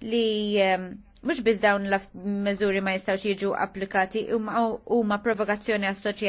li mhux biss dawn l-meżuri ma jistgħux jiġu applikati huma provokazzjoni għas